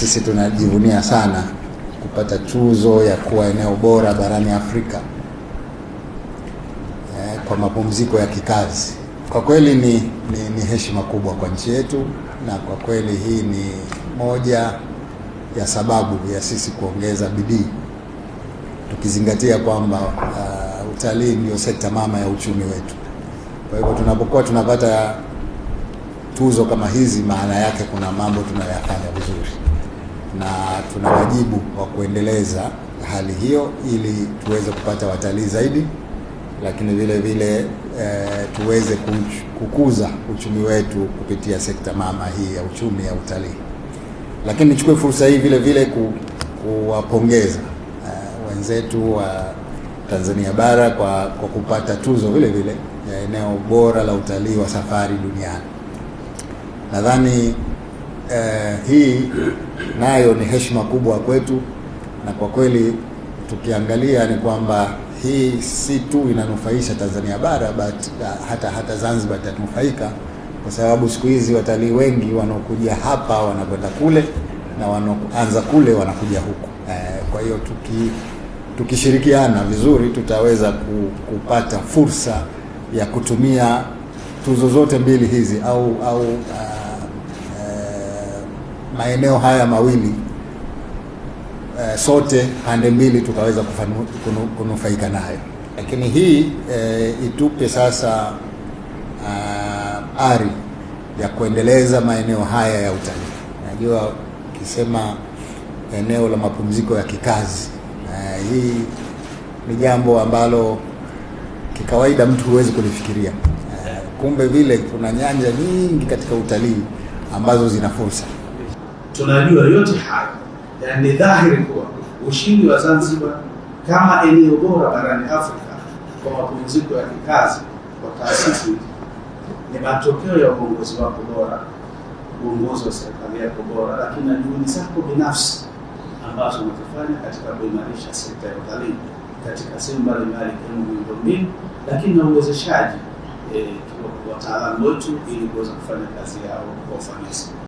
Sisi tunajivunia sana kupata tuzo ya kuwa eneo bora barani Afrika eh, kwa mapumziko ya kikazi. Kwa kweli ni, ni, ni heshima kubwa kwa nchi yetu, na kwa kweli hii ni moja ya sababu ya sisi kuongeza bidii tukizingatia kwamba uh, utalii ndio sekta mama ya uchumi wetu. Kwa hivyo tunapokuwa tunapata tuzo kama hizi, maana yake kuna mambo tunayafanya vizuri na tuna wajibu wa kuendeleza hali hiyo ili tuweze kupata watalii zaidi, lakini vile vile e, tuweze kukuza uchumi wetu kupitia sekta mama hii ya uchumi ya utalii. Lakini nichukue fursa hii vile vile ku, kuwapongeza e, wenzetu wa Tanzania bara kwa, kwa kupata tuzo vile vile ya eneo bora la utalii wa safari duniani. Nadhani e, hii nayo ni heshima kubwa kwetu, na kwa kweli tukiangalia ni kwamba hii si tu inanufaisha Tanzania bara but ah, hata hata Zanzibar itanufaika kwa sababu siku hizi watalii wengi wanaokuja hapa wanakwenda kule na wanaanza kule wanakuja huku. Eh, kwa hiyo tuki tukishirikiana vizuri tutaweza kupata fursa ya kutumia tuzo zote mbili hizi au au ah, maeneo haya mawili e, sote pande mbili tukaweza kufanu, kunufaika nayo, lakini hii e, itupe sasa a, ah, ari ya kuendeleza maeneo haya ya utalii. Najua ukisema eneo la mapumziko ya kikazi e, hii ni jambo ambalo kikawaida mtu huwezi kulifikiria. kumbe vile kuna nyanja nyingi katika utalii ambazo zina fursa tunajua yote haya yani dhahiri kuwa ushindi wa Zanzibar kama eneo bora barani Afrika kwa mapumziko ya kikazi kwa taasisi ni matokeo ya uongozi wako bora, uongozi wa serikali yako bora, lakini na juhudi zako binafsi ambazo unazifanya katika kuimarisha sekta ya utalii katika sehemu mbalimbali ikiwemo miundombinu, lakini na uwezeshaji eh, wataalamu wetu ili kuweza kufanya kazi yao kwa ufanisi.